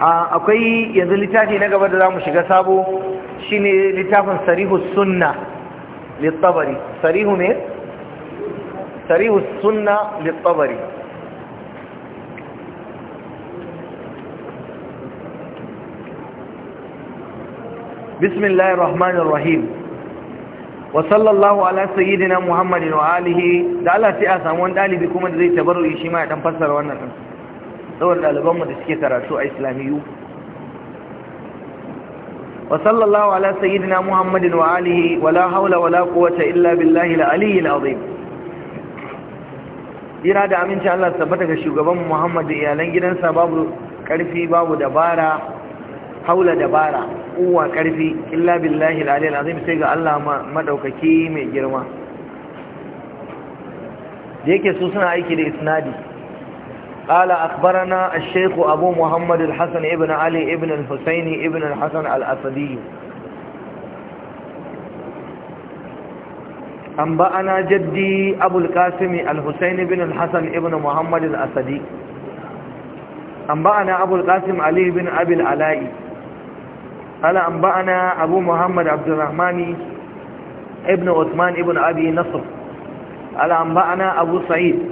akwai yanzu littafi na gaba da za mu shiga sabo shi ne littafin sarihu sunna littabari sarihu ne? sarihu sunna littabari بسم rahmanir rahim. Wa sallallahu الله على سيدنا محمد وآله da Allah sai a samu wani dalibi kuma da zai tabarru shi ma ya dan fassara wannan saboda ɗalibanmu da suke karatu a islamiyu wa sallallahu ala sayyidina muhammadin wa alihi wa la haula wa la quwwata illa billahi la aliyyil azim jira da aminci Allah tabbata ga shugaban muhammad da iyalan gidansa babu karfi babu dabara haula dabara uwa karfi illa billahi la aliyyil azim sai ga Allah madaukaki mai girma da yake su suna aiki da isnadi قال أخبرنا الشيخ أبو محمد الحسن ابن علي ابن الحسين ابن الحسن الأسدي أنبأنا جدي أبو القاسم الحسين بن الحسن ابن محمد الأسدي أنبأنا أبو القاسم علي بن أبي العلاء قال أنبأنا أبو محمد عبد الرحمن ابن عثمان ابن أبي نصر قال أنبأنا أبو سعيد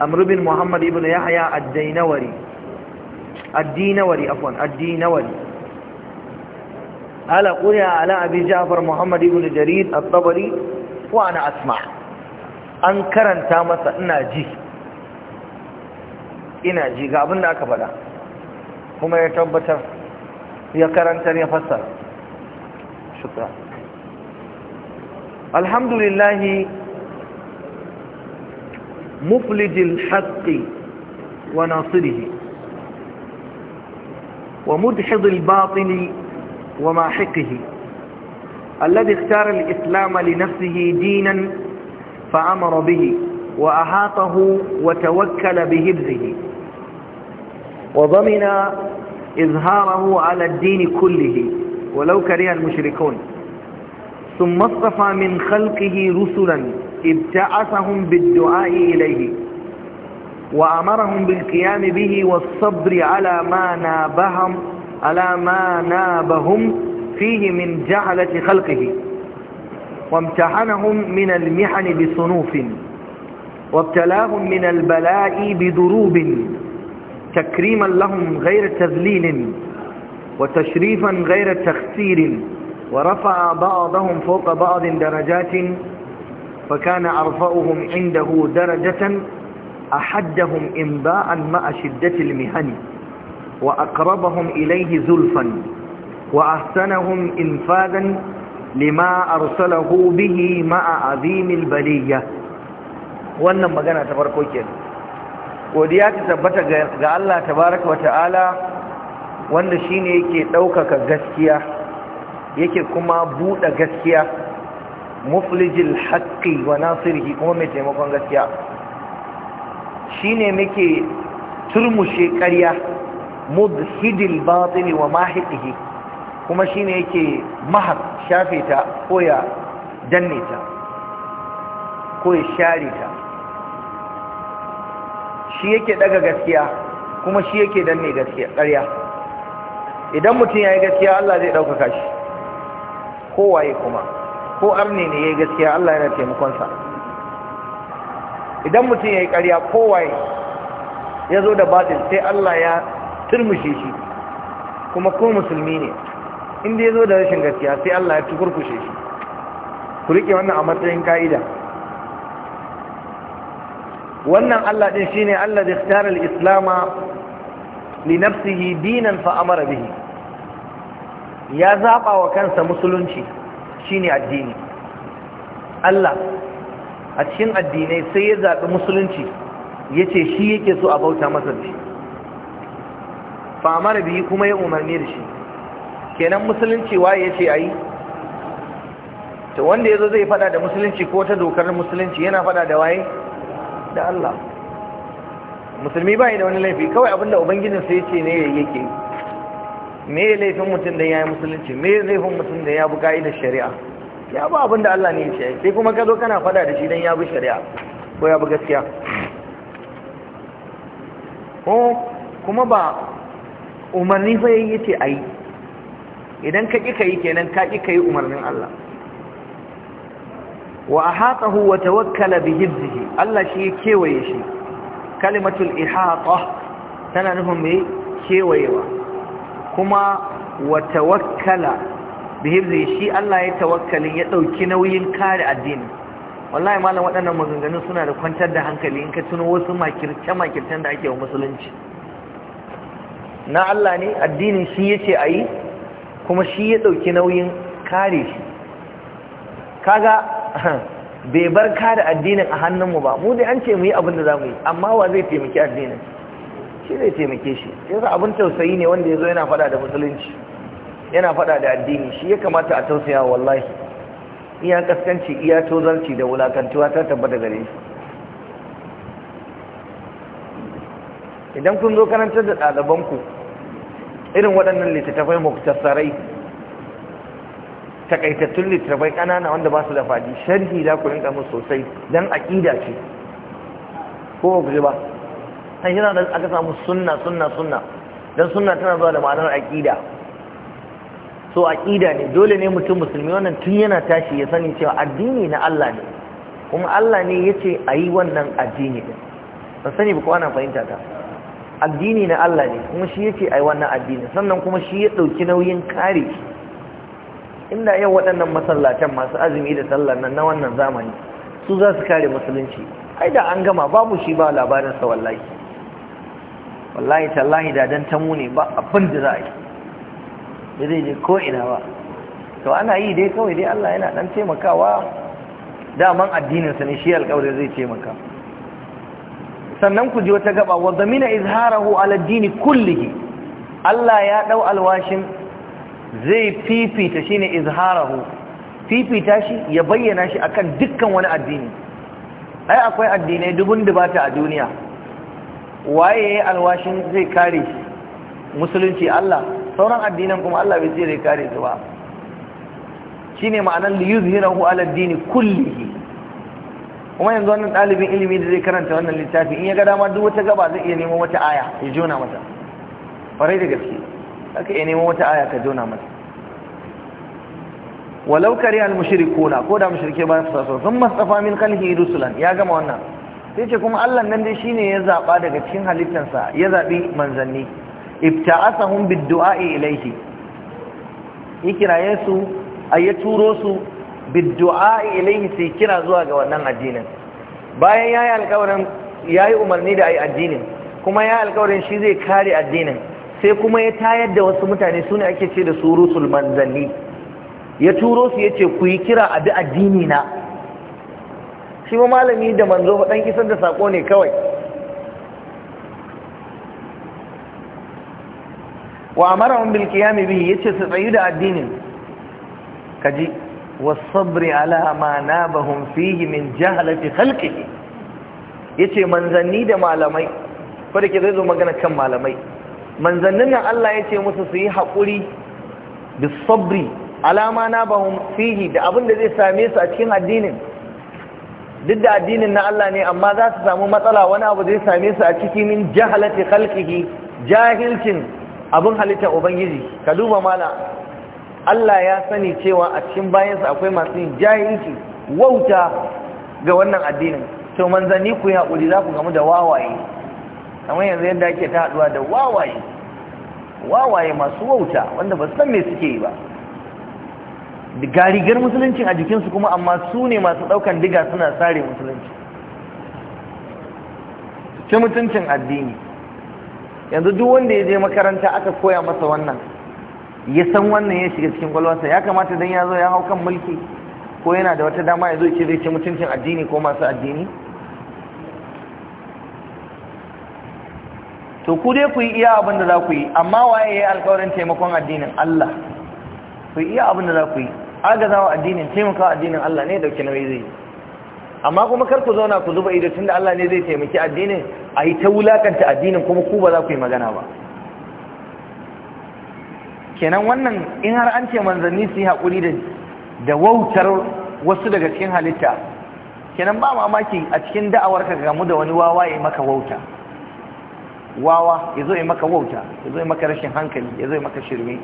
amr bin muhammad ibn yahya ad-dainawari ad-dinawari afwan ad Ala قال قرئ على أبي جعفر محمد بن جرير ana asma. An karanta masa ina ji, ina ji جي قابلنا da aka faɗa kuma ya tabbatar ya karantar ya fassara shukran alhamdulillah مفلج الحق وناصره ومدحض الباطل وماحقه الذي اختار الإسلام لنفسه دينا فأمر به وأحاطه وتوكل بهبزه وضمن إظهاره على الدين كله ولو كره المشركون ثم اصطفى من خلقه رسلا ابتعثهم بالدعاء إليه وأمرهم بالقيام به والصبر على ما نابهم على ما نابهم فيه من جهلة خلقه وامتحنهم من المحن بصنوف وابتلاهم من البلاء بدروب تكريما لهم غير تذليل وتشريفا غير تخسير ورفع بعضهم فوق بعض درجات فكان أرفعهم عنده درجة أحدهم إنباء مع شدة المهن وأقربهم إليه زلفا وأحسنهم إنفاذا لما أرسله به مع عظيم البلية wannan magana ta farko ke godiya ta tabbata ga Allah tabaraka wata'ala wanda shine yake ɗaukaka gaskiya yake kuma buɗe gaskiya muflijil haƙƙi wa nasirhi kuma mai taimakon gaskiya shine muke turmushe ƙarya mudhidil batini wa mahiqihi kuma shine yake mahaq shafe ta ko ya danne ta ko ya share ta shi yake daga gaskiya kuma shi yake danne gaskiya ƙarya idan mutum ya yi gaskiya Allah zai ɗaukaka shi kowaye kuma ko amne ne ya yi gaskiya Allah yana taimakon sa idan mutum ya yi ƙarya kowai ya zo da batil sai Allah ya turmushe shi kuma ko musulmi ne inda ya zo da rashin gaskiya sai Allah ya tukurkushe shi ku rike wannan a matsayin ka'ida wannan Allah din shine Allah da ikhtara al-islama li dinan fa bihi ya zaba wa kansa musulunci shine addini Allah a cikin addinai sai ya zaɓi musulunci ya ce shi yake so a bauta masa da shi famar biyu kuma ya umarni da shi kenan musulunci waye ya ce a yi ta wanda ya zo zai fada da musulunci ko ta dokar musulunci yana fada da waye da Allah musulmi ba da wani laifi kawai abinda ubangijinsa ya ce ne yake yi me ya laifin mutum da ya yi musulunci me ya laifin mutum da ya bi ka'idar shari'a ya ba abin da Allah ne ya ce sai kuma ka zo kana fada da shi don ya bi shari'a ko ya bi gaskiya ko kuma ba umarni fa yayi yace ayi idan ka ƙi yi kenan ka ƙi yi umarnin Allah wa ahatahu wa tawakkala bi hibzihi Allah shi ya kewaye shi kalimatul ihata tana nufin me kewayewa kuma wa tawakkala bihirri shi Allah ya tawakkalin ya ɗauki nauyin kare addini wallahi malam waɗannan maganganun suna da kwantar da hankali in ka tuno wasu makirce makircen da ake wa musulunci na Allah ne addinin shi yace ayi kuma shi ya ɗauki nauyin kare shi kaga bai bar kare addinin a hannunmu ba mu dai an ce mu yi abin da za mu yi amma wa zai taimaki addinin shi zai taimake shi yasa abin tausayi ne wanda ya zo yana fada da musulunci yana fada da addini shi ya kamata a tausaya wallahi iya kaskanci iya tozarci da wulakantuwa ta tabbata gare shi idan kun zo karantar da ɗalibanku irin waɗannan littattafai muktasarai takaitattun littattafai ƙanana wanda ba su da faɗi sharhi za ku rinka musu sosai don aƙida ce ko ba ku ji ba sai shi da aka samu sunna sunna sunna don sunna tana zuwa da ma'anar aƙida. so aƙida ne dole ne mutum musulmi wannan tun yana tashi ya sani cewa addini na Allah ne kuma Allah ne ya ce a yi wannan addini ɗin ba sani ba fahimta ta addini na Allah ne kuma shi ya ce a yi wannan addini sannan kuma shi ya ɗauki nauyin kare inda yau waɗannan masallatan masu azumi da sallar nan na wannan zamani su za su kare musulunci ai da an gama babu shi ba labarin sa wallahi wallahi tallahi da dan tamu ne ba abin da za a yi da zai je ko ina ba to ana yi dai kawai dai Allah yana dan taimakawa daman addininsa ne shi alƙawarin zai taimaka sannan ku ji wata gaba wa zamina izharahu ala dini kullihi Allah ya dau alwashin zai fifita shi ne izharahu fifita shi ya bayyana shi akan dukkan wani addini ai akwai addinai dubun dubata a duniya waye yayi alwashin zai kare musulunci Allah sauran addinan kuma Allah bai zai kare su ba shine ma'anar li yuzhirahu ala ad-din kullihi kuma yanzu wannan dalibin ilimi da zai karanta wannan littafi in ya ga dama duk wata gaba zai iya nemo wata aya ya jona mata farai da gaske aka iya nemo wata aya ka jona mata walau kari al-mushrikuna ko da mushrike ba su so sun mastafa min kalhi rusulan ya gama wannan sai ce kuma Allah nan dai shine ya zaba daga cikin halittarsa ya zabi manzanni ibta'asahum bid-du'a'i ilayhi yesu su ya turo su bid ilayhi sai kira zuwa ga wannan addinin bayan yayi alƙawarin yayi umarni da ayi addinin kuma yayi alƙawarin shi zai kare addinin sai kuma ya tayar da wasu mutane sune ake ce da su rusul manzanni ya turo su yace ku yi kira a bi addini na shi ma malami da manzo faɗan isar da saƙo ne kawai wa bilki ya qiyam ya yace su tsayu da addinin kaji wasabri ala ma nabahum fiye min jahalati ya yace manzanni da malamai ko da ke zai zo magana kan malamai manzannin nan Allah yace musu su yi haƙuri da sabri alama na nabahum fiye da abin da zai same su a cikin addinin duk da addinin na Allah ne amma za su samu matsala wani abu zai same su a cikin min jahalati khalqihi jahilcin abun halitta ubangiji ka duba mala Allah ya sani cewa a cikin bayansa akwai masu yin jahilci wauta ga wannan addinin to manzanni ku yi haƙuri za ku gamu da wawaye kamar yanzu yadda ake ta haduwa da wawaye wawaye masu wauta wanda ba san me suke yi ba garigar musulunci a jikinsu kuma amma su ne masu ɗaukan diga suna sare musulunci ci mutuncin addini yanzu duk wanda ya je makaranta aka koya masa wannan ya san wannan ya shiga cikin kwalwarsa ya kamata don ya zo ya hau kan mulki ko yana da wata dama ya zo ce zai ci mutuncin addini ko masu addini to ku dai ku yi iya abin da za ku yi amma waye ya yi alkawarin taimakon addinin Allah ku iya abin da za ku yi agazawa addinin taimakawa addinin Allah ne dauke na mai zai amma kuma kar ku zauna ku zuba ido tunda Allah ne zai taimaki addinin a yi ta wulakanta addinin kuma ku ba za ku yi magana ba kenan wannan in har an ce manzanni su yi haƙuri da wautar wasu daga cikin halitta kenan ba mamaki a cikin da'awar ka gamu da wani wawa ya maka wauta wawa ya zo ya maka wauta ya zo ya maka rashin hankali ya zo ya maka shirme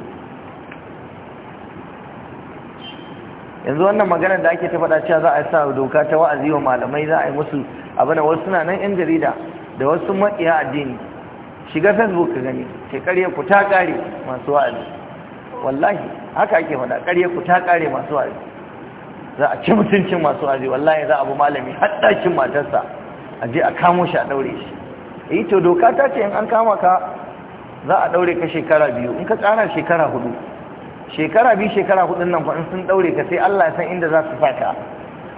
yanzu wannan maganar da ake ta faɗa cewa za a sa doka ta wa'azi wa malamai za a yi musu abin wasu suna nan yan jarida da wasu maƙiya addini shiga facebook ka gani ke ƙarya ku ta ƙare masu wa'azi wallahi haka ake faɗa ƙarya ku ta ƙare masu wa'azi za a ci mutuncin masu wa'azi wallahi za a bu malami har ɗakin matarsa a je a kamo shi a ɗaure shi eh to doka ta ce in an kama ka za a ɗaure ka shekara biyu in ka tsara shekara huɗu. shekara biyu shekara hudun nan kwan sun daure ka sai Allah ya san inda za su faka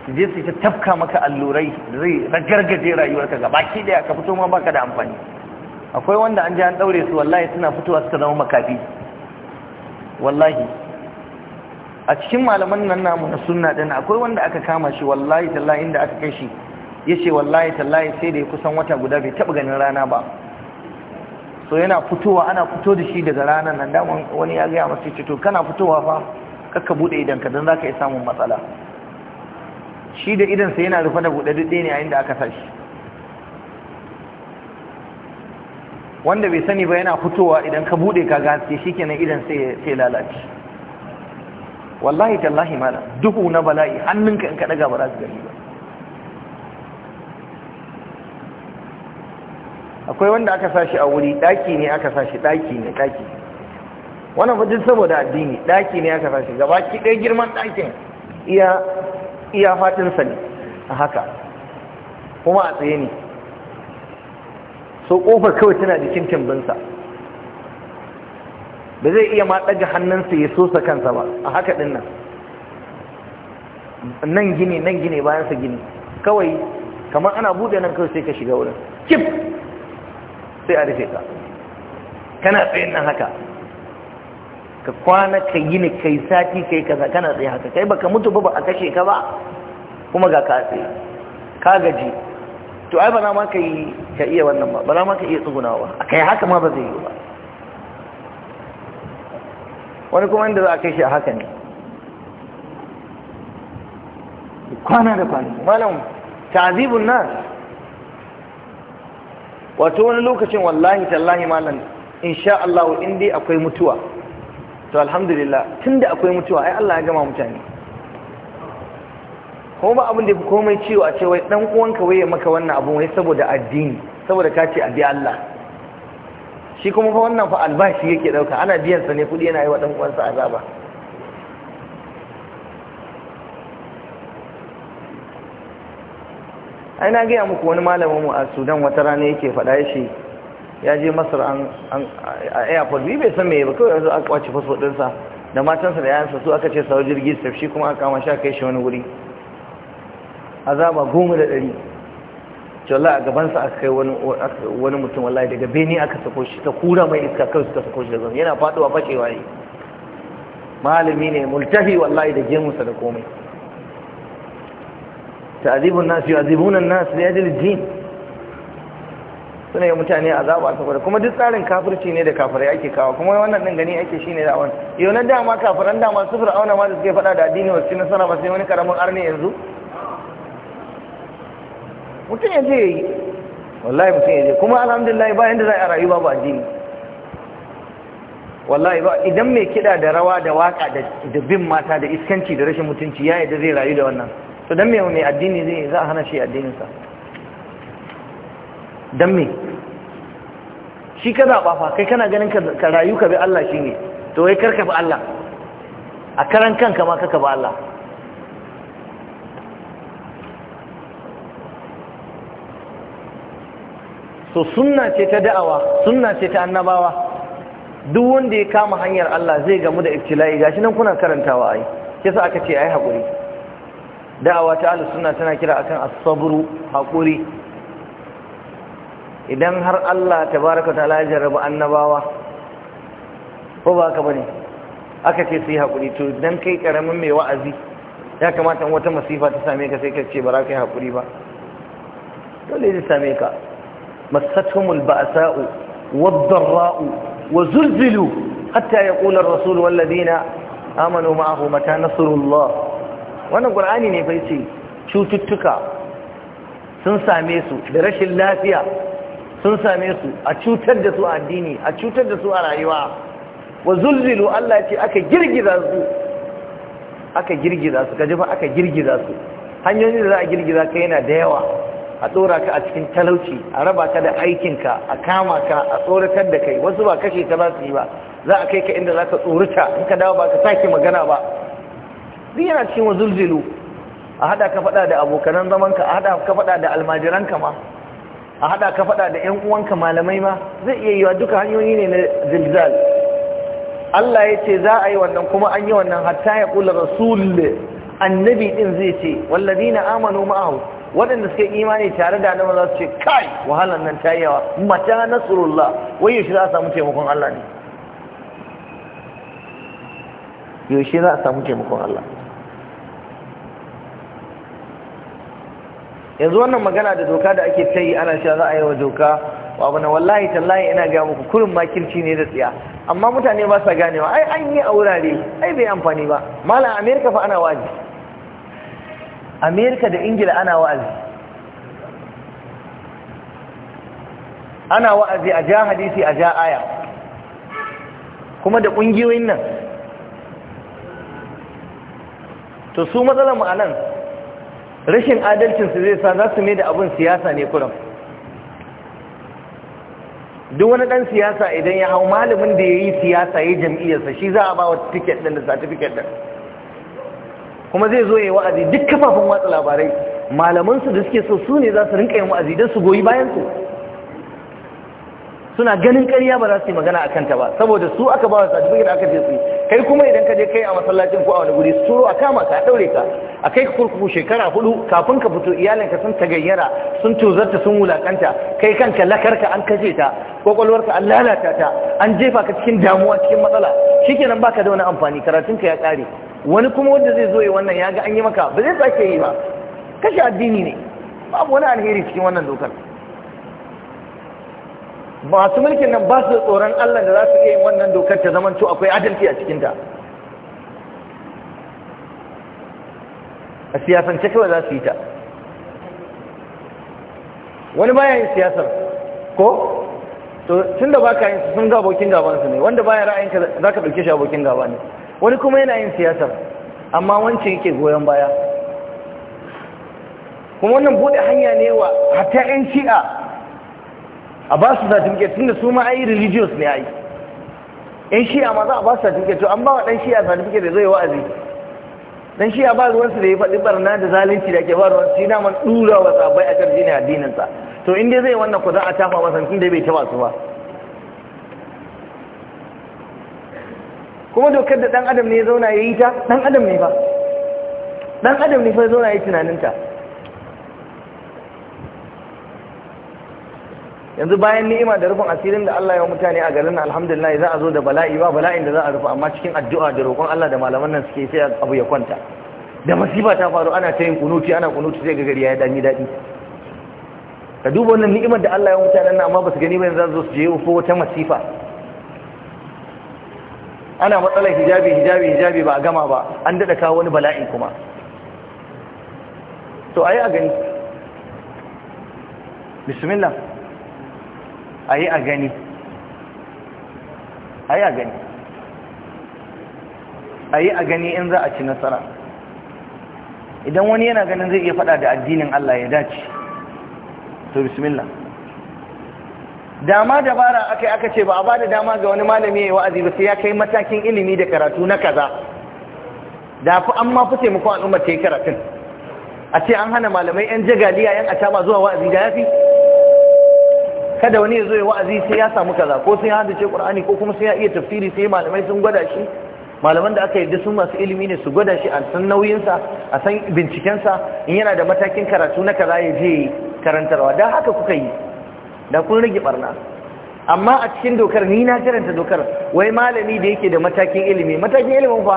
su je su ta tafka maka allurai zai ragargaje rayuwarka gaba ki daya ka fito ma baka da amfani akwai wanda an ji an daure su wallahi suna fitowa suka zama makafi wallahi a cikin malaman nan namu na sunna din akwai wanda aka kama shi wallahi tallahi inda aka kai shi yace wallahi tallahi sai da ya kusan wata guda bai taba ganin rana ba so yana fitowa ana fito da shi daga ranar nan daman wani ya gaya masu ce kana fitowa fa kakka bude idan ka don za ka yi samun matsala shi da idansa yana rufe da buɗe duk ne a da aka sa shi wanda bai sani ba yana fitowa idan ka bude ka gaske shi kenan idan sai lalace wallahi tallahi mana duhu na bala'i hannunka in ka ɗaga ba za su gani ba akwai wanda aka sashi a wuri daki ne aka sashi daki ne daki wannan fajin saboda addini daki ne aka sashi gaba ki ɗaya girman dakin iya iya faɗinsa ne a haka kuma a tsaye ne so ƙofar kawai tana jikin sa. ba zai iya ma ɗaga hannunsa ya sosa kansa ba a haka din nan nan gine, nan bayan sa gini kawai kamar ana buɗe nan kawai sai ka shiga wurin kif sai a rufe ka kana tsayin nan haka ka kwana ka yi ne kai sati kai kaza kana tsaye haka kai baka mutu ba ba a kashe ka ba kuma ga ka tsaye ka gaji to ai ba na ma ka yi ka iya wannan ba ba na ma ka iya tsugunawa a kai haka ma ba zai yi ba wani kuma inda za a kai shi a haka ne kwana da kwana malam ta'azibun nas wato wani lokacin wallahi tallahi malam insha Allah in akwai mutuwa to alhamdulillah tunda akwai mutuwa ai Allah ya gama mutane ko ba abin da fi komai ciwo a ce wai dan uwanka waye maka wannan abu wai saboda addini saboda ka ce abi Allah shi kuma fa wannan fa albashi yake dauka ana biyan sa ne kudi yana yi wa dan uwansa azaba ai na gaya muku wani malamin mu a sudan wata rana yake faɗa ya shi ya je masar a airport bi bai san me ba kawai yanzu a faso fasfo ɗinsa da matansa da yayansa su aka ce sau jirgi su shi kuma aka kama shi kai shi wani wuri azaba goma da ɗari jalla a gabansa aka kai wani mutum wallahi daga beni aka sako shi ta kura mai iska kawai suka sako shi da yana faɗuwa fashewa ne malami ne multahi wallahi da sa da komai ta'zibu an-nas yu'azibuna an-nas li ajli ad-din suna yi mutane azaba saboda kuma duk tsarin kafirci ne da kafirai ake kawo kuma wannan din gani ake shine da awon yau na dama kafiran dama su auna ma da suke faɗa da addini wasu cikin nasara ba sai wani karamin arni yanzu mutum ya je yi wallahi mutum ya je kuma alhamdulillah ba yanda za a rayu babu addini wallahi ba idan mai kiɗa da rawa da waka da bin mata da iskanci da rashin mutunci ya yadda zai rayu da wannan to dan me mai addini zai za a hana shi addininsa dan me shi ka zaɓa fa kai kana ganin ka rayu ka bi Allah shi ne to wai karka bi Allah a karan kanka ma kaka bi Allah so sunna ce ta da'awa sunna ce ta annabawa duk wanda ya kama hanyar Allah zai gamu da ibtila'i gashi nan kuna karantawa ai yasa aka ce ai haƙuri da'awa ta ahlus sunna tana kira akan as-sabru haƙuri idan har Allah tabaraka ta'ala ya jarraba annabawa ko ba haka bane aka ce su yi haƙuri to dan kai karamin mai wa'azi ya kamata wata masifa ta same ka sai ka ce ba za ka yi haƙuri ba dole zai same ka masatumul ba'sa'u wad-dharra'u wa zulzilu hatta yaqula ar-rasul wal ladina amanu ma'ahu mata nasrullah wannan qur'ani ne fa ce cututtuka sun same su da rashin lafiya sun same su a cutar da su a addini a cutar da su a rayuwa wa zulzilu Allah ce aka girgiza su aka girgiza su kaji fa aka girgiza su hanyoyin da za a girgiza ka yana da yawa a tsora ka a cikin talauci a raba ka da aikinka a kama ka a tsoratar da kai wasu ba kashe ka za su yi ba za a kai ka inda za ka tsorita in ka dawo ba ka sake magana ba duk yana cikin wazulzulu a hada ka fada da abokanan zamanka a hada ka fada da almajiranka ma a hada ka fada da ƴan uwanka malamai ma zai iya yiwa duka hanyoyi ne na zilzal Allah ya ce za a yi wannan kuma an yi wannan hatta ya kula rasul annabi din zai ce walladina amanu ma'ahu waɗanda suka imani tare da annabi za ce kai wahalan nan ta yawa mata nasrullah wai yaushe za a samu taimakon Allah ne yaushe za a samu taimakon Allah yanzu wannan magana da doka da ake ta yi ana sha za a yi wa doka wa bana wallahi tallahi ina ga muku kurin makirci ne da tsiya amma mutane ba sa ganewa ai an yi a wurare ai bai amfani ba malam amerika fa ana wa'azi amerika da ingila ana wa'azi ana wa'azi a ja hadisi a ja aya kuma da kungiyoyin nan to su matsalar mu a nan rashin adalcinsu zai sa za su ne da abin siyasa ne kuram duk wani ɗan siyasa idan ya hau malamin da ya yi siyasa ya jam'iyyarsa shi za a ba wa tiket ɗin da satifiket ɗin kuma zai zo ya yi wa'azi duk kafafin watsa labarai malamansu da suke so su ne za su rinka yin wa'azi don su goyi bayansu suna ganin ƙarya ba za su yi magana a kanta ba saboda su aka ba wa satifiket aka ce su yi kai kuma idan ka je kai a masallacin ko a wani guri su a kama ka daure ka a kai ka kurkuku shekara hudu kafin ka fito iyalinka sun tagayyara sun tuzarta sun wulakanta kai kanka lakarka an kashe ta kwakwalwarka an lalata ta an jefa ka cikin damuwa cikin matsala shikenan baka da wani amfani karatunka ya kare wani kuma wanda zai zo yi wannan ya ga an yi maka ba zai sake yi ba kashe addini ne babu wani alheri cikin wannan dokar masu mulkin nan ba su tsoron Allah da za su iya yin wannan dokar ta zamanto akwai adalci a cikinta a siyasance kawai za su yi ta wani baya yin siyasar ko to tun da baka yin sun ga abokin gabansu ne wanda baya ra'ayin ka za ka ɗauke shi abokin gaba ne wani kuma yana yin siyasar amma wancin yake goyon baya kuma wannan buɗe hanya ne wa hatta 'yan shi'a a ba su certificate da su ma ai religious ne ai in shi ma za a ba su certificate to an ba wa dan shi'a certificate da zai wa'azi dan shi'a ba ruwan su da ya faɗi barna da zalunci da ke ba ruwan shi na man dura wa sabai a kan jini addinin sa to in dai zai wannan ku za a tafa masa da bai taba su ba kuma dokar da dan adam ne ya zauna ya yi ta dan adam ne ba dan adam ne fa ya zauna ya yi tunaninta yanzu bayan ni'ima da rufin asirin da Allah ya wa mutane a garin alhamdulillah za a zo da bala'i ba bala'in da za a rufa amma cikin addu'a da roƙon Allah da malaman nan suke sai abu ya kwanta da masifa ta faru ana ta yin kunuti ana kunuti sai ga gari ya dani dadi ka duba wannan ni'imar da Allah ya wa mutanen nan amma ba su gani ba yanzu za su je ko wata masifa ana matsalar hijabi hijabi hijabi ba a gama ba an dada kawo wani bala'i kuma to ayi a gani bismillah a yi a gani a a gani a a gani in za a ci nasara idan wani yana ganin zai iya fada da addinin Allah ya dace to bismillah dama dabara aka aka ce ba a bada dama ga wani malami ya yi wa'azi ba sai ya kai matakin ilimi da karatu na kaza da fi an ma fi taimakon al'ummar ta yi karatun a ce an hana malamai 'yan jagaliya 'yan ataba zuwa wa'azi da yafi kada wani ya zo ya wa'azi sai ya samu kaza ko sai ya hadace qur'ani ko kuma sai ya iya tafsiri sai malamai sun gwada shi malaman da aka yarda sun masu ilimi ne su gwada shi a san sa a san bincikensa in yana da matakin karatu na kaza ya je karantarwa dan haka kuka yi da kun rage barna amma a cikin dokar ni na karanta dokar wai malami da yake da matakin ilimi matakin ilimin fa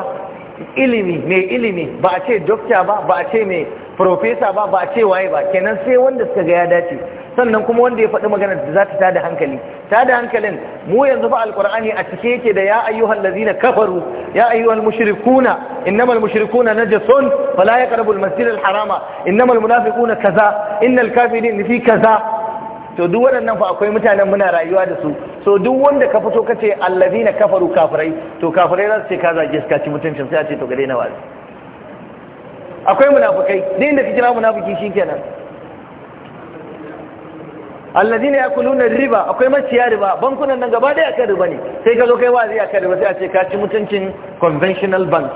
ilimi mai ilimi ba a ce dokta ba ba a ce mai professor ba ba a ce waye ba kenan sai wanda suka ga ya dace sannan kuma wanda ya faɗi magana da za ta tada hankali tada hankalin mu yanzu fa alqur'ani a cike yake da ya ayyuhal ladzina kafaru ya ayyuhal mushrikuna innamal mushrikuna najasun fala yaqrabu almasjid alharama innamal munafiquna kaza innal kafirin fi kaza to duk waɗannan fa akwai mutanen muna rayuwa da su so duk wanda ka fito ka kace allazina kafaru kafirai to kafirai za su ce ka zage su ka ci mutuncin sai a ce to gare na wazi akwai munafukai duk inda ka kira munafiki shikenan alladina yakuluna riba akwai maciya riba bankunan nan gaba daya kan riba ne sai ka zo kai wazi akan riba sai a ce ka ci mutuncin conventional bank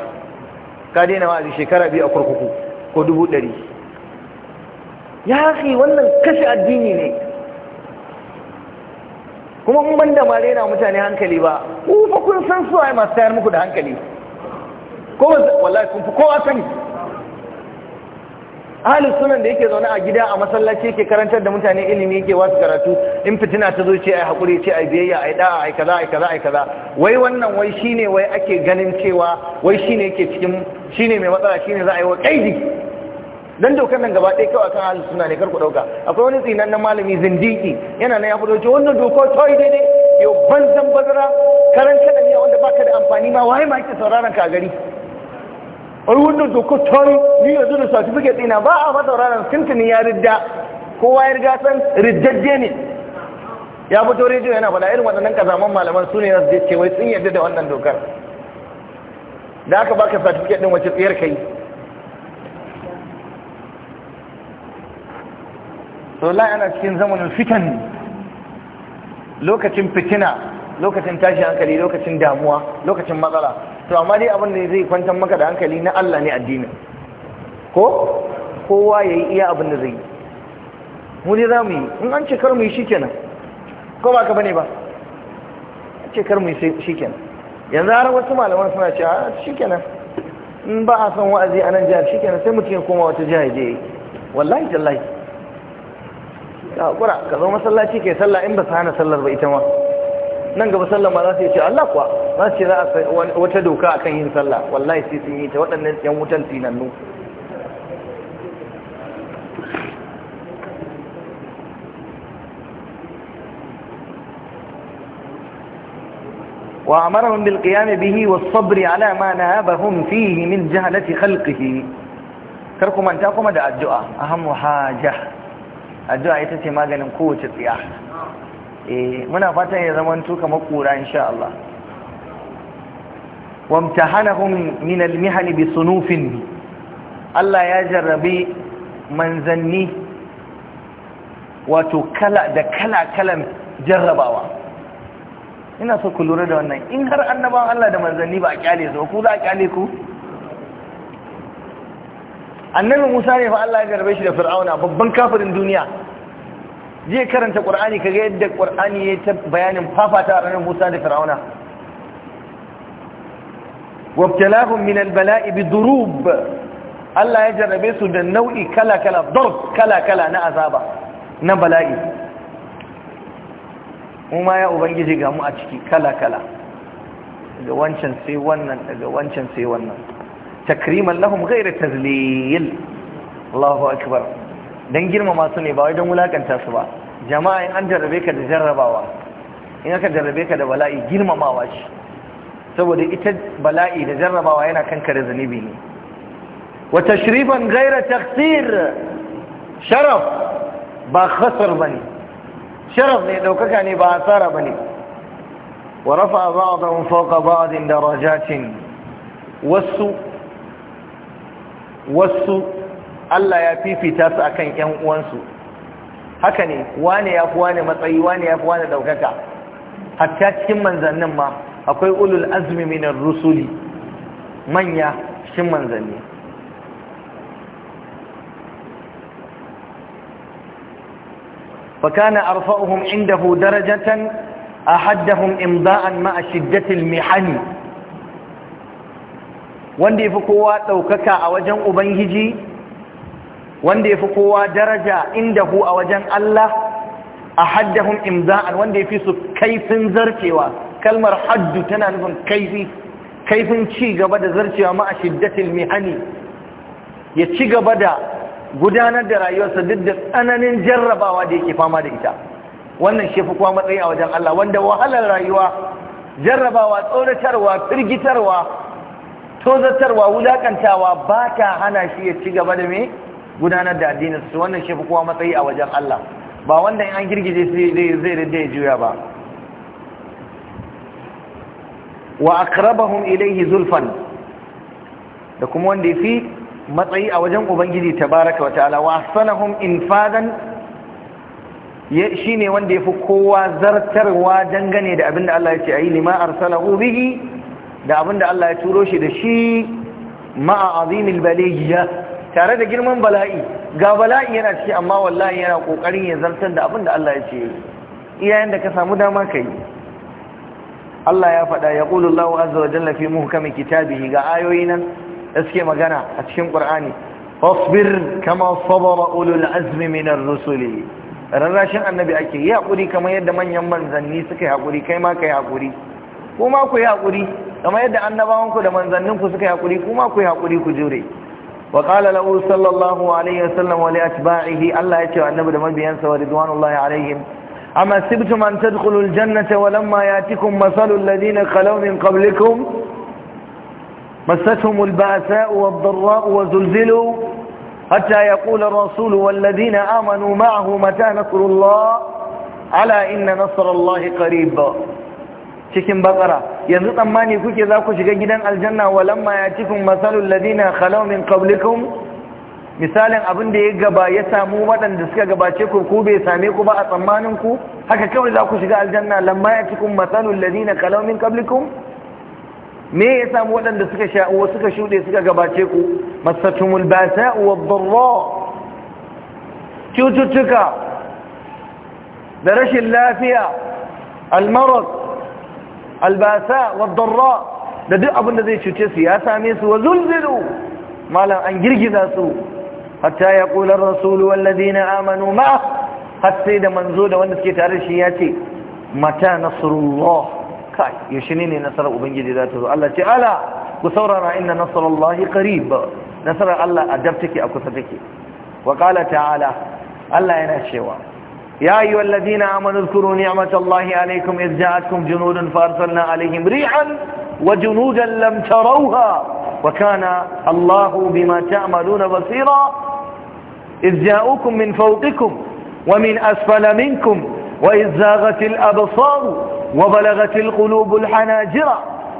ka daina wazi shekara biyu a kurkuku ko dubu ɗari ya haƙi wannan kashe addini ne kuma kuma ban da mare na mutane hankali ba ko fa kun san suwa masu tayar muku da hankali ko wallahi kun fi kowa sani ahlus sunan da yake zaune a gida a masallaci yake karantar da mutane ilimi yake wasu karatu in fitina ta zo ce ai hakuri ce ai biyayya ai da'a ai kaza ai kaza ai kaza wai wannan wai shine wai ake ganin cewa wai shine yake cikin shine mai matsala shine za a yi wa kaidi dan dokar nan gaba ɗaya kawai kan ahlus suna ne kar ku dauka akwai wani tsinannen malami zindiki yana nan ya fito ce wannan doka ta yi daidai yau banzan bazara karanta da wanda baka da amfani ma waye ma yake sauraron ka gari ai wannan dokar ta yi ni certificate ɗina ba a masa ranar sintini ya ridda kowa ya riga san riddadde ne ya fito rediyo yana bala irin waɗannan kazaman malaman su ne na su ce wai sun yarda da wannan dokar da aka baka certificate din wace tsayar kai so la ana cikin zamanin fitan lokacin fitina lokacin tashi hankali lokacin damuwa lokacin matsala to amma dai abin da zai kwantar maka da hankali na Allah ne addinin ko kowa yayi iya abin da zai mu ne za mu yi in an ce karmu mu yi shikenan ko ba ka bane ba an ce karmu mu yi shikenan yanzu har wasu malaman suna cewa ah, shikenan in ba a san wa'azi a nan jihar shikenan sai mutum ya koma wata jihar je yi wallahi tallahi ka hakura ka zo masallaci kai sallah in ba su hana sallar ba ita ma nan gaba sallama za su yi ce Allah kuwa ce za a wata doka akan yin sallah wallahi sai sun yi ta waɗannan yan wutan tinannu wa amarahun bilkiyami bihi wasu sabri alama na habahun fihi min jihalati halkihi manta kuma da addu’a a hamu hajja addu’a ita ce maganin kowace tsiya eh muna fatan ya zama to kamar kura insha Allah wamtahanahum min al-mihal bi sunufin Allah ya jarrabi manzanni wato kala da kala kalan jarrabawa ina so ku lura da wannan in har annabawan Allah da manzanni ba a kyale su ku za a kyale ku annabi Musa ne fa Allah ya jarrabe shi da Fir'auna babban kafirin duniya je karanta qur'ani kaga yadda qur'ani ya ta bayanin fafata ranar Musa da Fir'auna wabtalahum min albala'i bidurub Allah ya jarrabe su da nau'i kala kala darb kala kala na azaba na bala'i kuma ya ubangiji ga mu a ciki kala kala daga wancan sai wannan daga wancan sai wannan takriman lahum ghayra tazlil Allahu akbar don girmama su ne ba wai don wulakanta su ba jama'a in an jarrabe ka da jarrabawa in aka jarrabe ka da bala'i girmamawa shi saboda ita bala'i da jarrabawa yana kankare zunubi ne wa tashrifan ghaira taqsir sharaf ba khasar bane sharaf ne daukaka ne ba asara bane wa rafa'a ba'dhum fawqa ba'din darajatin wasu wasu Allah ya fifita su akan ƴan uwansu haka ne wane ya fi wane matsayi wane ya fi wane daukaka hatta cikin manzannin ma akwai ulul azmi minar rusuli manya cikin manzanni فكان أرفعهم عنده درجة أحدهم إمضاء مع شدة المحن wanda yafi kowa ɗaukaka a wajen ubangiji wanda ya fi kowa daraja hu a wajen Allah a ahaddahum imza'an wanda yafi su kaifin zarcewa kalmar haddu tana nufin kaifi kaifin ci gaba da zarcewa ma a shiddatil mihani ya ci gaba da gudanar da rayuwarsa duk da tsananin jarrabawa da yake fama da ita wannan shi fi kowa matsayi a wajen Allah wanda wahalar rayuwa jarrabawa tsoratarwa firgitarwa tozatarwa wulakantawa ba ta hana shi ya ci gaba da me gudanar da addinin su wannan shi fi kowa matsayi a wajen Allah ba wanda an girgije su zai rida ya juya ba wa akrabahum ilaihi zulfan da kuma wanda ya fi matsayi a wajen ubangiji tabaraka wa ta'ala wa ahsanahum infadan shine wanda ya fi kowa zartarwa dangane da abinda Allah ya ce ayi lima arsalahu bihi da abinda Allah ya turo shi da shi ma'a azimil baligya tare da girman bala'i ga bala'i yana ciki amma wallahi yana kokarin ya zartar da abin da Allah ya ce iyayen da ka samu dama ka yi. Allah ya faɗa ya qulu Allahu azza wa jalla fi muhkami kitabihi ga ayoyi nan da suke magana a cikin Qur'ani fasbir kama sabara ulul azmi min ar-rusuli rarrashin annabi ake yi hakuri kamar yadda manyan manzanni suka yi hakuri kai ma kai hakuri kuma ku yi hakuri kamar yadda annabawanku da manzanninku suka yi hakuri kuma ku yi hakuri ku jure وقال له صلى الله عليه وسلم ولأتباعه الله يتوى النبي لمبي ينسى ورضوان الله عليهم أما سبتم أن تدخلوا الجنة ولما يأتكم مثل الذين خلوا من قبلكم مستهم البأساء والضراء وزلزلوا حتى يقول الرسول والذين آمنوا معه متى نصر الله على إن نصر الله قريب cikin bakara yanzu tsammani kuke za ku shiga gidan aljanna walamma ya cikin masalul ladina khalaw min qablikum misalin abin da ya gaba ya samu waɗanda suka gabace ku ku bai same ku ba a tsammanin ku haka kawai za ku shiga aljanna lamma ya cikin masalul ladina khalaw min qablikum me ya samu waɗanda suka sha'uwa suka shuɗe suka gabace ku masatumul basa'u wad-dharra cututtuka da rashin lafiya almarad albasa wa darra da duk abin da zai cuce su ya same su wa malam an girgiza su hatta ya qula ar-rasul wal ladina amanu ma har sai da manzo da wanda suke tare da shi ya ce mata nasrullah kai yaushe ne nasarar ubangiji za ta zo Allah ce ala ku saurara inna nasrullahi qarib nasarar Allah a dab take a kusa take wa qala ta'ala Allah yana cewa يا أيها الذين آمنوا اذكروا نعمة الله عليكم إذ جاءتكم جنود فأرسلنا عليهم ريحا وجنودا لم تروها وكان الله بما تعملون بصيرا إذ جاءوكم من فوقكم ومن أسفل منكم وإذ زاغت الأبصار وبلغت القلوب الحناجر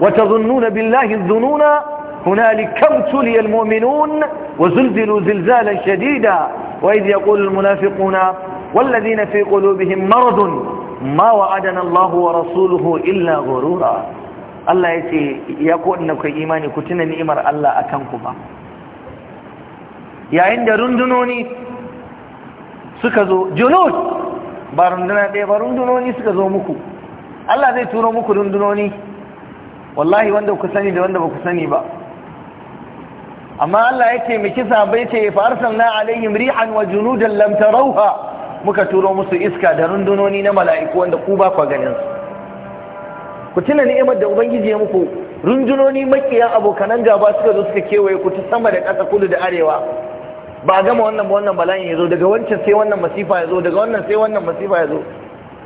وتظنون بالله الظنون هنالك ابتلي المؤمنون وزلزلوا زلزالا شديدا وإذ يقول المنافقون والذين في قلوبهم مرض ما وعدنا الله ورسوله الا غرورا الله yace ya kodina kai imani ku tuna ni'imar Allah akan ku ba yayin da rundunoni suka zo junud ba runduna dai ba rundunoni suka zo muku Allah zai turo muku rundunoni wallahi wanda ku sani da wanda ba ku sani ba amma Allah yake miki sabai ce farsalna alaihim rihan wa junudan lam lamtarauha. muka turo musu iska da rundunoni na mala'iku wanda ku ba kwa ganin su ku tuna ni'imar da ubangiji ya muku rundunoni makiyan abokanan gaba suka zo suka kewaye ku ta sama da ƙasa kudu da arewa ba a gama wannan ba wannan bala'in ya zo daga wancan sai wannan masifa ya zo daga wannan sai wannan masifa ya zo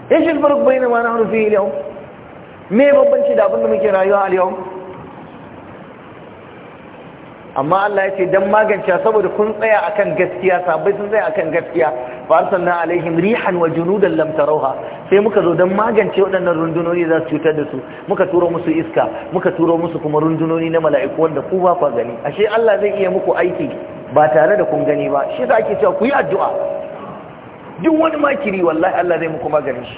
ya shi farko na ma na harufi yau me babbanci da abin da muke rayuwa a yau amma Allah ya ce dan magance saboda kun tsaya akan gaskiya sabai sun tsaya akan gaskiya fa arsalna alaihim rihan wa junudan lam tarawha sai muka zo dan magance waɗannan rundunoni za su cutar da su muka turo musu iska muka turo musu kuma rundunoni na mala'iku wanda ku ba ku gani ashe Allah zai iya muku aiki ba tare da kun gani ba shi da ake cewa ku yi addu'a duk wani makiri wallahi Allah zai muku maganin shi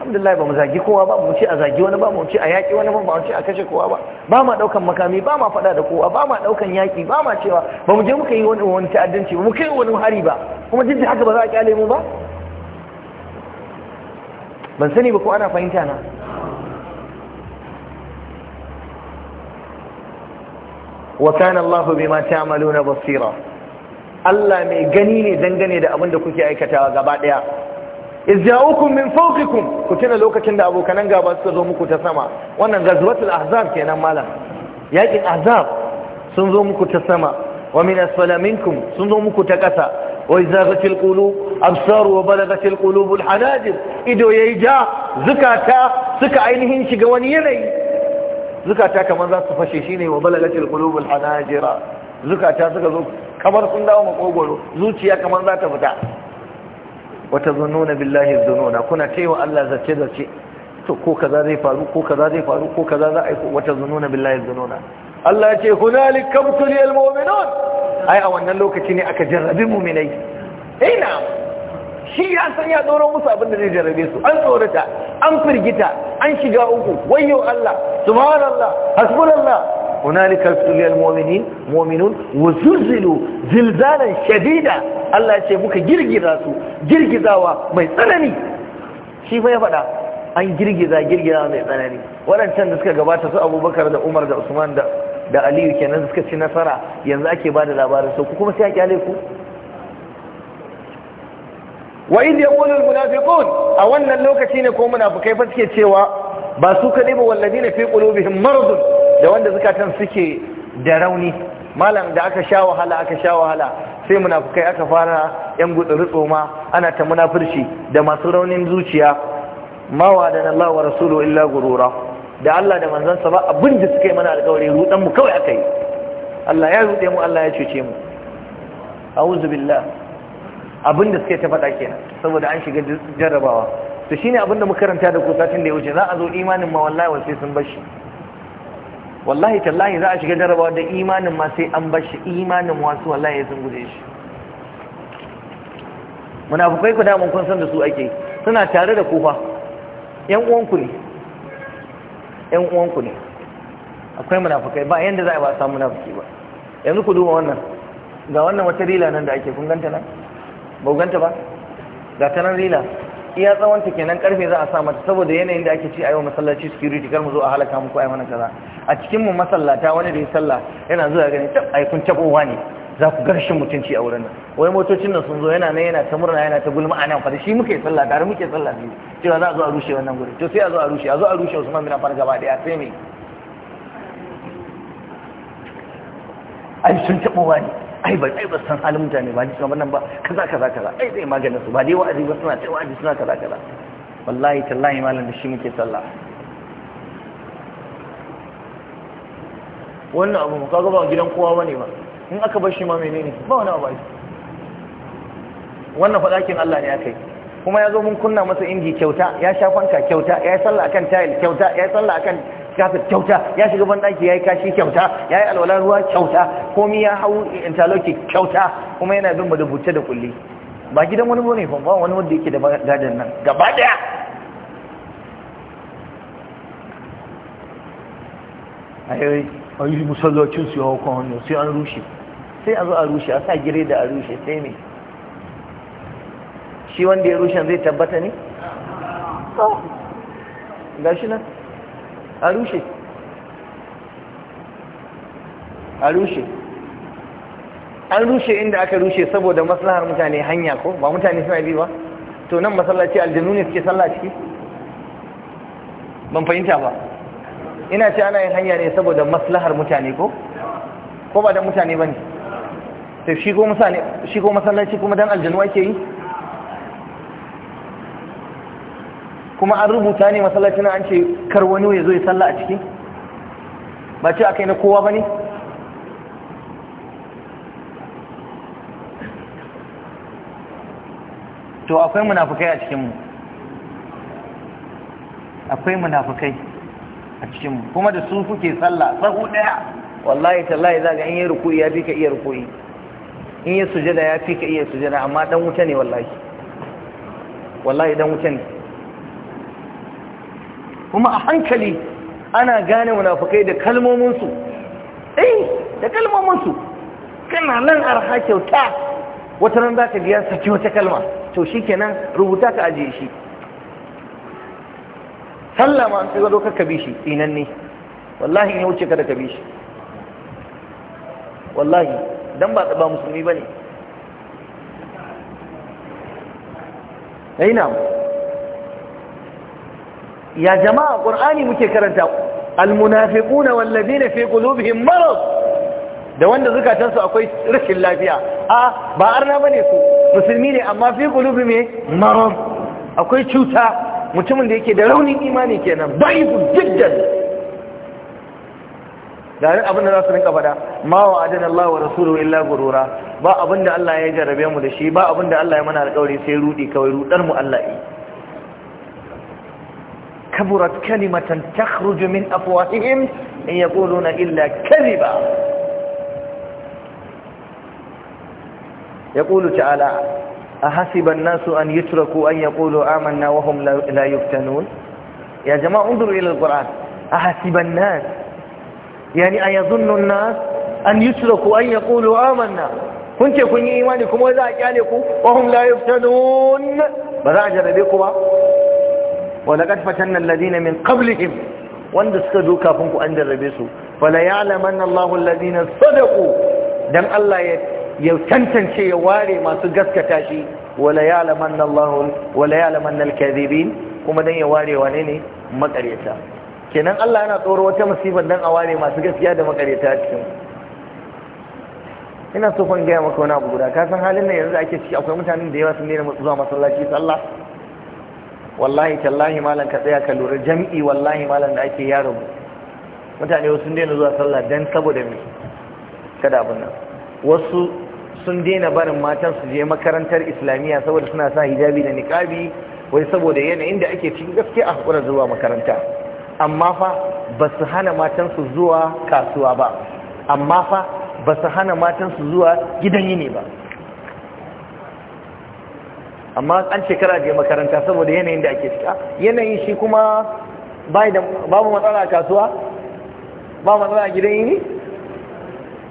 alhamdulillah ba mu zagi kowa ba mu ce a zagi wani ba mu ce a yaƙi wani ba mu ce a kashe kowa ba ba ma ɗaukan makami ba ma faɗa da kowa ba ma ɗaukan yaƙi ba ma cewa ba mu je muka yi wani wani ta'addanci ba mu kai wani hari ba kuma duk da haka ba za a kyale mu ba ban sani ba ko ana fahimta na wa kana Allah bima ta'maluna basira Allah mai gani ne dangane da abin da kuke aikatawa gaba daya izja'ukum min fawqikum ku tuna lokacin da abokanan gaba suka zo muku ta sama wannan ghazwatul ahzab kenan malam yakin ahzab sun zo muku ta sama wa min asfala minkum sun zo muku ta kasa wa izaghatil qulub absar wa balagatil qulub al hanajir ido yayi ja zukata suka ainihin shiga wani yanayi zukata kamar za su fashe shine wa balagatil qulub al hanajira zukata suka zo kamar sun dawo makogoro zuciya kamar za ta fita wata zununa billahi zununa kuna cewa Allah zace zace to ko kaza zai faru ko kaza zai faru ko kaza za a yi wata zununa billahi zununa Allah ce hunalik kabtul yal mu'minun ai a wannan lokaci ne aka jarrabi mu'minai ina eh, shi ya san ya tsoro musu abin da zai jarrabe su an tsorata an firgita an shiga uku wayyo Allah subhanallah hasbunallah هنالك ابتلي المؤمنين مؤمنون وزلزلوا زلزالا شديدا الله ya ce muka girgiza su girgizawa mai tsanani shi fa ya faɗa an girgiza girgizawa mai tsanani waɗancan da suka gabata su Abubakar da Umar da Usman da Aliyu kenan suka ci nasara yanzu ake bada labarin su kuma sai ya kyale wa idh yaqulu al-munafiqun a wannan lokaci ne ko munafikai fa suke cewa ba su kadai ba walladina fi qulubihim maradun da wanda zukatan suke da rauni malam da aka sha wahala aka sha wahala sai munafukai aka fara yan rutso ma ana ta munafurci da masu raunin zuciya ma da Allah wa rasulu illa gurura da Allah da sa ba abin da suka yi mana alƙawari rudan mu kawai aka yi Allah ya rude mu Allah ya cece mu a'udhu billah abin da suke ta faɗa kenan saboda an shiga jarrabawa to shine abin da muka karanta da ku satin da ya wuce za a zo imanin ma wallahi wasai sun bar shi wallahi tallahi za a shiga jarabawa da imanin ma sai an bashi imanin wasu wallahi ya zungure shi munafukai ku damun kun san da su ake suna tare da kofa yan uwanku ne yan uwanku ne akwai munafukai ba yanda za a ba samu munafuki ba yanzu ku duba wannan ga wannan wata rila nan da ake kun ganta nan ba ganta ba ga ta rila iya tsawon ta kenan karfe za a sa mata saboda yanayin da ake ci a yau masallaci security kar mu zo a halaka muku ai wannan kaza a cikin mu masallata wani da ya sallah yana zuwa gani tab ai kun tabowa ne za ku garshin mutunci a wurin nan wai motocin nan sun zo yana nan yana ta murna yana ta gulma ana fa shi muke sallah da muke sallah ne cewa za a zo a rushe wannan guri to sai a zo a rushe a zo a rushe Usman bin Affan gaba daya sai me ai sun tabowa ne ai ba ai ba san halin mutane ba ji wannan ba kaza kaza kaza ai zai maganin su ba dai wa'azi ba suna cewa wa'azi suna kaza kaza wallahi tallahi malam da shi muke sallah wannan abu ka ga ba gidan kowa bane ba in aka bar shi ma menene ba wani abu wannan fadakin Allah ne akai kuma ya zo mun kunna masa inji kyauta ya sha fanka kyauta ya sallah akan tile kyauta ya sallah akan kafir kyauta ya shiga banɗaki ya yi kashi kyauta ya yi alwalar ruwa kyauta komi ya hau interlocking kyauta kuma yana bin da da kulli ba gidan wani bane ba ba wani wanda yake da gadon nan gaba daya ayoyi ayi musallacin su yawo kan hannu sai an rushe sai a zo a rushe a sa gire da a rushe sai ne shi wanda ya rushe zai tabbata ne? ga shi nan a rushe a rushe an rushe inda aka rushe saboda maslahar mutane hanya ko ba mutane suna bi ba to nan masallaci aljanu ne suke sallah ciki ban fahimta ba ina ce ana yin hanya ne saboda maslahar mutane ko ko ba da mutane ba ne shi ko masallaci kuma dan aljanu ake yi kuma an rubuta ne masallacin an ce kar wani ya zo ya salla a ciki ba ce akai na kowa ba ne to akwai munafukai a cikinmu akwai munafukai a cikinmu kuma da su kuke salla sahu daya wallahi tallahi za ga in yi ruku'i ya fi ka iya ruku'i in yi sujada ya fi ka iya sujada amma dan wuta ne wallahi wallahi dan wuta ne kuma a hankali ana gane munafukai da kalmominsu eh da kalmominsu kana nan arha kyauta wata ran za ka biya saki wata kalma to shi kenan rubuta ka ajiye shi sallah ma an sai zo ka bi shi inan ne wallahi ne wuce kada ka bi shi wallahi dan ba ba musulmi bane ai na ya jama'a qur'ani muke karanta almunafiquna wallazina fi qulubihim marad da wanda zukatansu akwai rashin lafiya a ba arna bane su musulmi ne amma fi qulubihim marad akwai cuta mutumin da yake da raunin imani kenan baibu jiddan garin abin da za su rinka faɗa ma wa adana Allah wa rasuluhu illa gurura ba abin da Allah ya jarabe mu da shi ba abin da Allah ya mana alƙawari sai rudi kawai rudar mu Allah yi كبرت كلمة تخرج من أفواههم إن يقولون إلا كذبا يقول تعالى أحسب الناس أن يتركوا أن يقولوا آمنا وهم لا يفتنون يا جماعة انظروا إلى القرآن أحسب الناس يعني أيظن الناس أن يتركوا أن يقولوا آمنا كنت يكون إيمانكم وذا أكالكم وهم لا يفتنون بذا أجل بكم ولقد فتنا الذين من قبلهم wanda suka zo kafin ku an jarrabe su fala ya'lamanna Allahu alladhina sadaqu dan Allah ya tantance ya ware masu gaskata shi wala ya'lamanna Allahu wala kuma dan ya ne kenan Allah yana tsoro wata musibar dan a ware masu gaskiya da makaryata cikin ina so fan gaya maka wani abu guda ka san halin da yanzu ake ciki akwai mutanen da yawa sun daina zuwa masallaci sallah wallahi tallahi malam ka tsaya ka lura jam'i wallahi malam da ake yaro mutane wasu sun daina zuwa sallah dan saboda me kada abun nan wasu sun daina barin matan su je makarantar islamiyya saboda suna sa hijabi da niqabi wai saboda yanayin da ake cikin gaskiya a hakura zuwa makaranta amma fa ba su hana matan su zuwa kasuwa ba amma fa ba su hana matan su zuwa gidan yini ba amma an shekara je makaranta saboda yanayin da ake cika yanayin shi kuma babu matsala a kasuwa ba matsala a gidan yini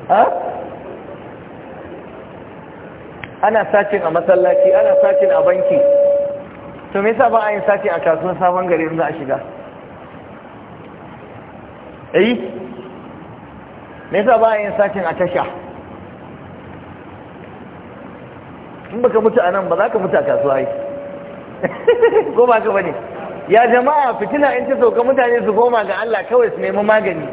ha ana sacin a masallaci ana sacin a banki to me yasa ba a yin sacin a kasuwar sabon gari za a shiga eh me yasa ba a yin sacin a tasha in baka mutu a nan ba za ka mutu a kasuwa yi ko ba ka bane ya jama'a fitina in ta sauka mutane su goma ga Allah kawai su nemi magani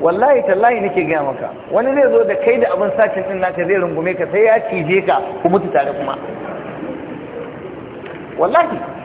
wallahi tallahi nake gaya maka wani zai zo da kai da abin sakin din naka zai rungume ka sai ya cije ka ku mutu tare kuma wallahi